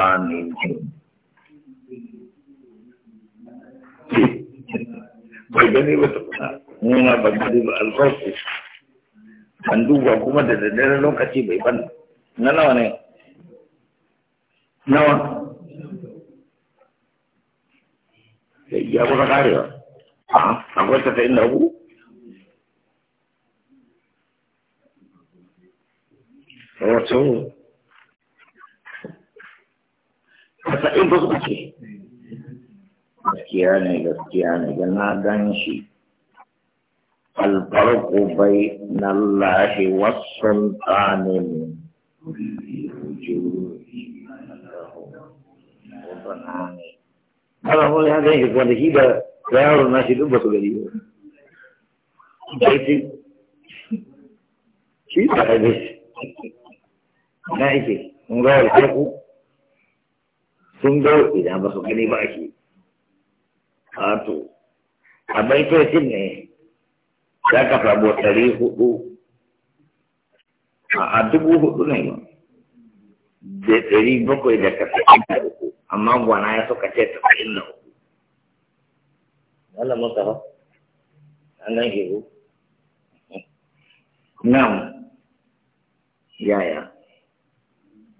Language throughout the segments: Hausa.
آمين ba ta nuna ba alfarsu duba kuma da daddare lokaci bai ban na nawa ne nawa ya karewa a ah, akwai ta Kasa'in ba suka ce. Gaskiya ne, gaskiya ne, na gan shi. Alfarku bai na wasu wasan tsanin Ana kuma ya gan shi wanda shi da yaron nashi duk ba su gari ba. Daiti, shi ta haɗe shi. Na ike, in ga ku. sun ga idan ba su gani ba shi wato a baitocin ne za ka samu ɗari hudu a dubu hudu ne ba da ɗari bakwai da tasa'in da uku amma gwana ya suka ce tasa'in da uku wannan muka ba an nan hiru nan yaya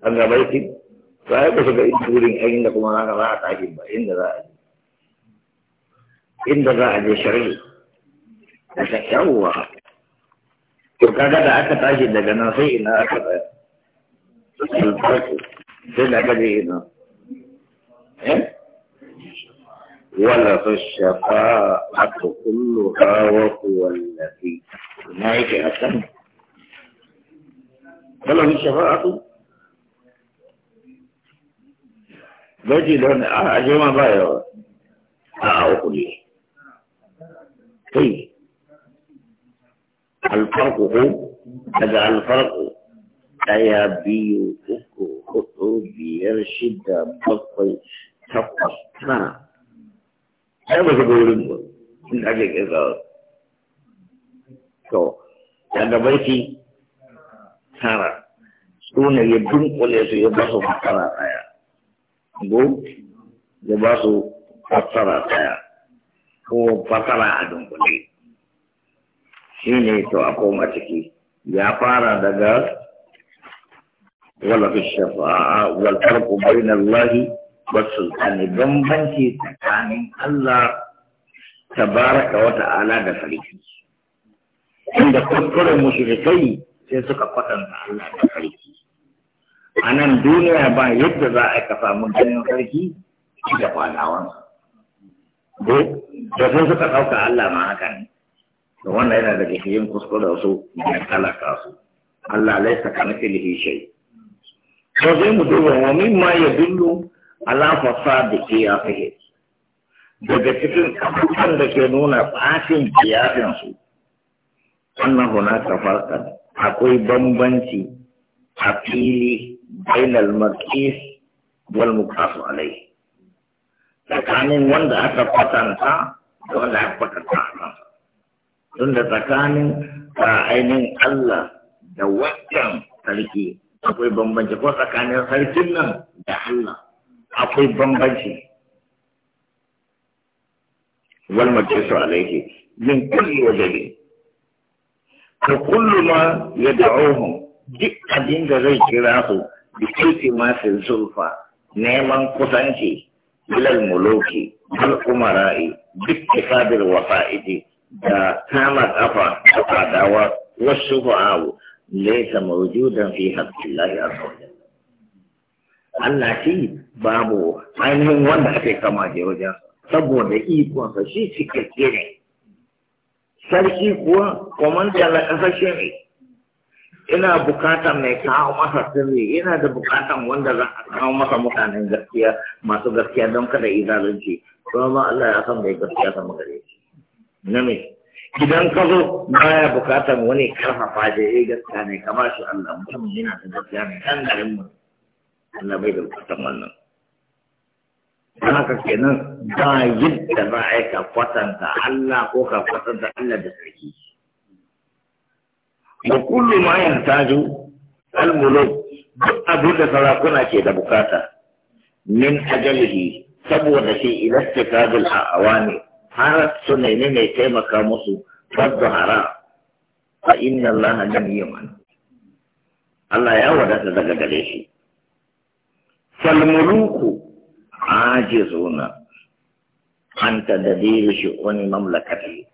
an gabaitin Saya bisa ke Ibuling, eh, indah kumarang rahat aja, Mbak. Indah aja. Indah aja syari. Kata Allah. Kaga da aka tashi daga nan sai ina aka tsaya. Sai da aka je ina. Eh? ولا في الشفاعة كلها وهو الذي ما يجي أسمه ولا في الشفاعة Gaji da wani a ashe ma ba yawa. A uku ne. Kai. Alfarku Daga alfarku. Ɗaya biyu uku hudu biyar shida bakwai takwas tara. Ai ba su ga wurin ba. Inda ake kirkawa. To, daga barci tara. Su ne ya dunkule su ya ba su fakara ɗaya. go ya ba su fassara daya ko fassara a dunkule shi ne to a koma ciki ya fara daga wala fi shafa'a wal farqu bayna Allah sultani bambanci tsakanin Allah tabaraka wata ala da sarki inda kuskuren mushrikai sai suka kwatanta Allah da sarki a nan duniya ba yadda za a kafa mun ganin sarki da kwanawan ko da sun suka ɗauka Allah ma haka ne da wannan yana daga cikin kuskure su da talaka su Allah laisa kana filihi shai. to sai mu duba wa ya dillu? ala ya qiyafihi daga cikin abubuwan da ke nuna bacin qiyafin su wannan hunaka farqan akwai bambanci hakili bainal maqis wal muqasu alai tsakanin wanda aka kwatanta da wanda aka kwatanta a kansa tun da tsakanin ainihin Allah da wancan sarki akwai bambanci ko tsakanin sarkin nan da Allah akwai bambanci wal majlisu alaihi min kulli wajhi fa kullu ma yad'uhum duk abin da zai kira su kirki masu zurfa, neman kusanci ilal muluki bil umara'i duk ifadil wafa'idi da kama kafa da fadawa wasu fa'awu laisa mawjudan fi haqqillahi Allah shi babu ainihin wanda ake kama da wajen saboda ikonsa shi cikakke ne sarki kuwa kwamantar na ƙasashe ne ina bukatan mai kawo masa sirri ina da bukatan wanda za a kawo masa mutanen gaskiya masu gaskiya don kada yi zalunci kuma Allah ya san mai gaskiya sama gare shi na me idan ka zo baya bukatan wani karfafa da ya eh, gaskiya ne ka shi Allah mutum yana da gaskiya ne kan garin mu Allah bai da bukatan wannan dan haka kenan ba yadda za a yi ka kwatanta Allah ko ka kwatanta Allah da sarki wa kullu ma yantaju al-muluk duk abin da sarakuna ke da bukata min ajalihi saboda shi ila istikadul awani har su ne mai taimaka musu fadda hara fa inna allaha ganiyyun Allah ya wadata daga gare shi falmuluku ajizuna an tadabiri shi wani mamlakati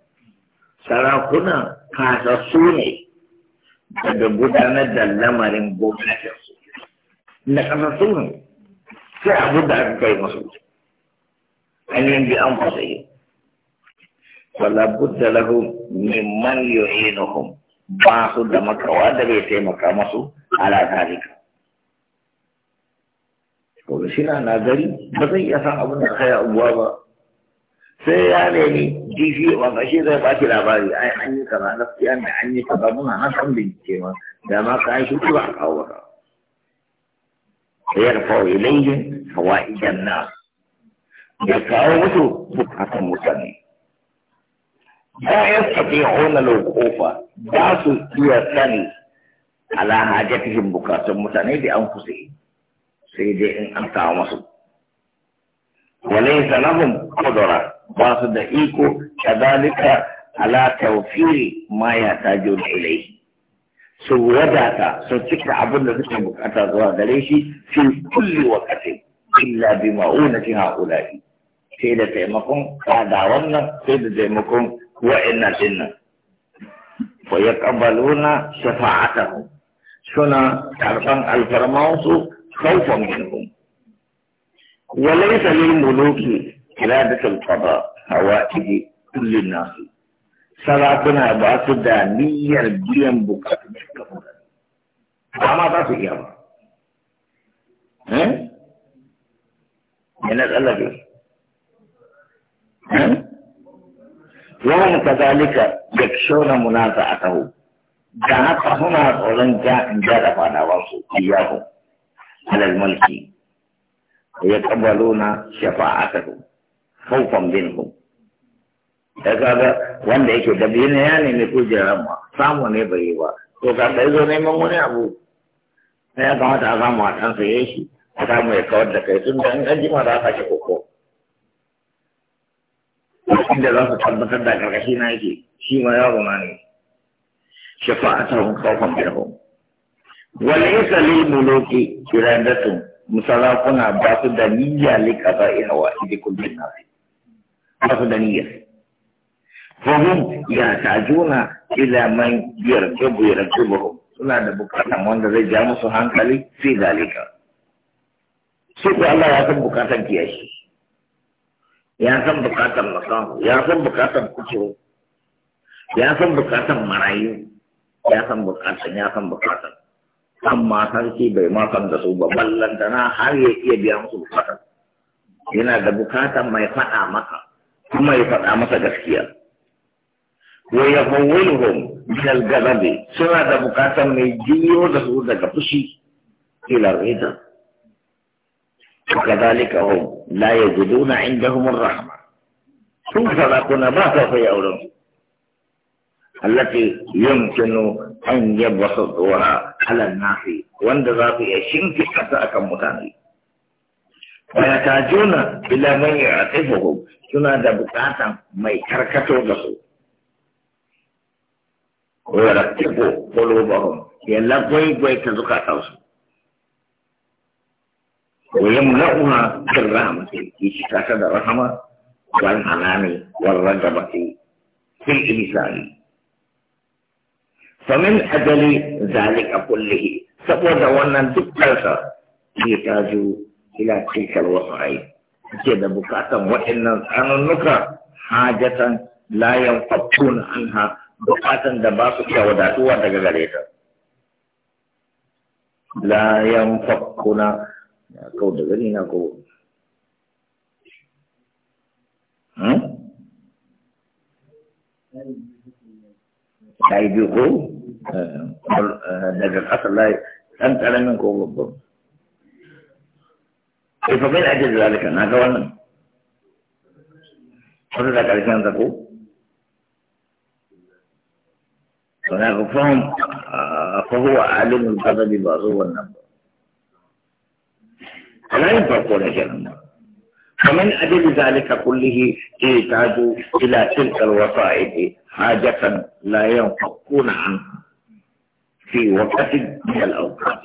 sarakuna kasassu ne daga gudanar da lamarin gwamnatinsu na ƙasar su ne sai abu da aka kai masu hanyar bi an fasa yi wala budda lahu mimman yu'inuhum ba su da makawa da bai taimaka masu ala zalika ko shi na gari ba zai iya san abin da kai abuwa ba sai ya nemi jifi wanda shi zai ba labari ai an yi kaza fiye ne an yi kaza muna na san bincike ma da ma ka yi shi ba a kawo ba sayar fawo ilayhi fawaidan na da kawo musu bukatan mutane ba ya tafi ona lokofa ba su iya sani ala hajatihim bukatan mutane da an kusa sai dai in an kawo masu وليس لهم قدره ba su da iko kadalika ala tawfiri ma ya tajo ilai su wadata su cika abin da suke bukata zuwa gare shi fi kulli waqti illa bi ma'unati haula'i sai da taimakon kada wannan sai da taimakon wa'annan dinnan wa yaqbaluna shafa'atahu suna karban alfarmansu khawfan minhum wa laysa lil muluki قلادة القضاء حوائج كل الناس سلاطنا باس دانية بيان بكات أما باس إياما ها؟ من الألبي ها؟ وهم كذلك يكشون منازعته جاءت هنا أولاً جاء جرف على وصف إياهم على الملك ويقبلون شفاعتهم khawfan minhum da kaga wanda yake da ne ya nemi kujerar ma samu ne bai yi ba to ka dai zo neman wani abu na ya kamata a samu a ɗan saye shi a samu ya kawar da kai tun da in an jima za ka shi koko inda za su tabbatar da karkashi na yake shi ma ya ma ne shafa'atahum khawfan minhum walaysa kiran muluki iradatun musalafuna ba su da niyya ina qada'i hawa'idikum bin nasi ba su da niyyar فهم يحتاجون إلى من يركب يركبهم suna bukatan wanda zai ja musu hankali fi zalika su Allah ya san bukatan kiyashi ya san bukatan masahu ya san bukatan kuciro ya san bukatan marayu ya san bukatan ya san bukatan amma sarki bai ma san da su ba na har ya iya biya musu bukatan yana da bukatan mai faɗa maka kuma ya faɗa masa gaskiya wa yahawwiluhum min al-ghadab suna da bukatan mai jiyo da su daga fushi ila rida kadhalika hum la yajiduna indahum ar-rahma sun sarakuna ba sa fa yauran allati yumkinu an yabsatuha ala an-nasi wanda za su iya shinki kasa akan mutane ويحتاجون إلى a يعطفهم suna da bukatan mai karkato da su ko ya rattiko kulubahum ya lagwaigwai ta zukatansu ko ya mula'uha cin rahamati ya cika da rahama wal hanani wal ragabati fil ihsani ajali zalika kullihi saboda wannan dukkansa ya taju إلى تلك الوصعين كده بكاتا وإن أنك حاجة لا ينفكون عنها بكاتا دباسك وداتوا دقاليتا لا ينفقون كو دقالينا كو لا يبيقوا daga ƙasa lai ɗan ƙaramin ko babban كيف إيه، من أجل ذلك أنا قولنا حدث ذلك عليك أن تقول هناك فهم آه، فهو عالم القدر بأرض والنبض فلا ينفقون شيئا فمن أجل ذلك كله يحتاج إلى تلك الوصائد حاجة لا ينفقون عنها في وقت من الأوقات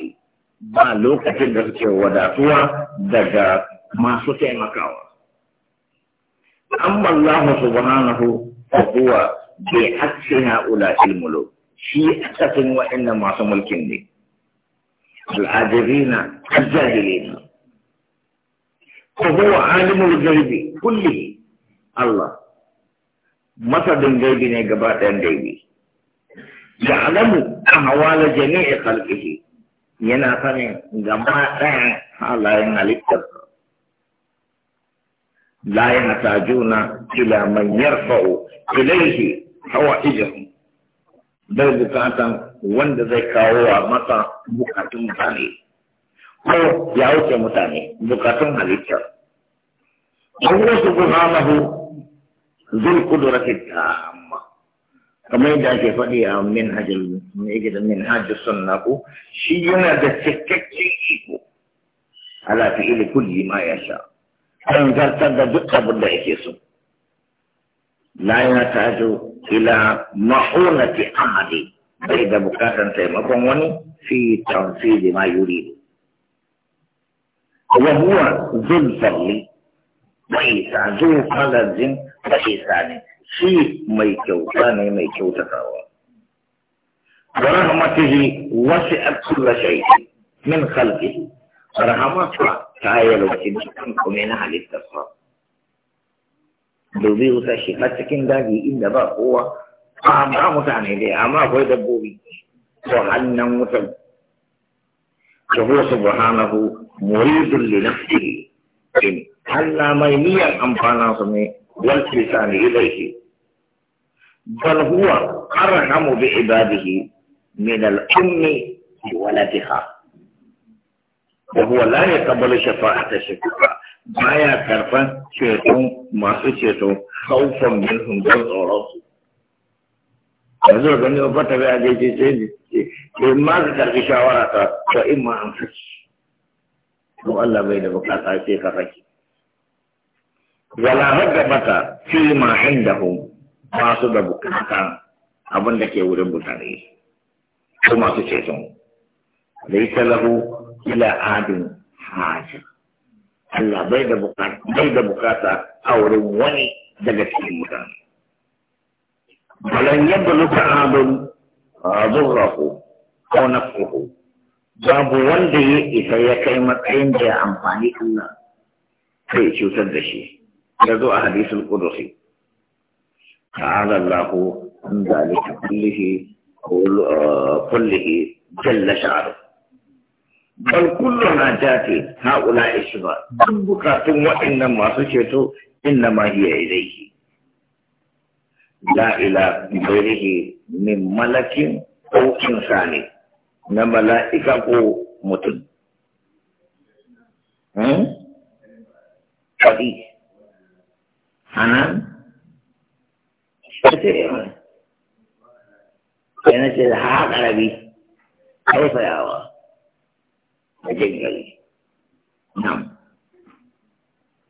ba lokacin da suke wadatuwa daga masu taimakawa. Amma Allah subhanahu wa huwa hatsi na ula ilmulo shi akasin waɗanda masu mulkin ne. Al'ajirina, al-jahilina. Kuhuwa alimul gaibi kulli Allah. Masadin gaibi ne gaba ɗayan a hawa na jami'i kalfihi, yana sanin gama ɗayan halayen halittar la juna ila man ilaihi hawa ijin. bai bukatan wanda zai kawo wa masa bukatun mutane ko ya wuce mutane bukatun halittar? an wasu gudanahu zul kudurar ta kamar yadda ake faɗi a min hajjul ne da min sunna ko shi yana da cikakken iko ala ili kulli ma ya sha an zartar da duk abin da yake so la ta zo ila mahunati amali bai da bukatan taimakon wani fi tanfidi ma yuri wa huwa zulfalli wa isa zulfalazin wa isa ne shi mai kyauta ne mai kyautatawa min وسعت كل ta yi خلقه رحمتها تعالى وتمسكن كمين على التصرف دوبي shi شي cikin daji inda ba kowa. amma mutane dai amma akwai dabbobi to hannun mutum to subhanahu muridun li nafsihi in Allah mai niyyar amfana su ne wal lisani ilaihi بل هو أرحم بعباده من الأم بولدها وهو لا يقبل شفاعة الشفاعة ما يكرفا شيطان ما شيطان خوفا منهم دون أوروس yanzu da gani ba ta bai aje ce ce ce ce ma ka karfi shawara ta to in ma an saki to Allah bai da bukata sai ka wala hadda fi ma indahum ba su da bukata abin da ke wurin mutane ko masu ceton laisa labu, ila adin haja Allah bai da bukata bai da bukata a wurin wani daga cikin mutane balan yadda luka adin zuhrahu ko nafsuhu babu wanda ya isa ya kai matsayin da ya amfani Allah sai cutar da shi ya zo a hadisul qudusi تعالى الله عن ذلك كله كله جل شعره بل كل حاجات هؤلاء الشباب بكاتم وإنما سجدوا إنما هي إليه لا إلى غيره من ملك أو إنسان من ملائكة أو متن قدير حنان sai na da haɗa rabi haifayawa a jin gari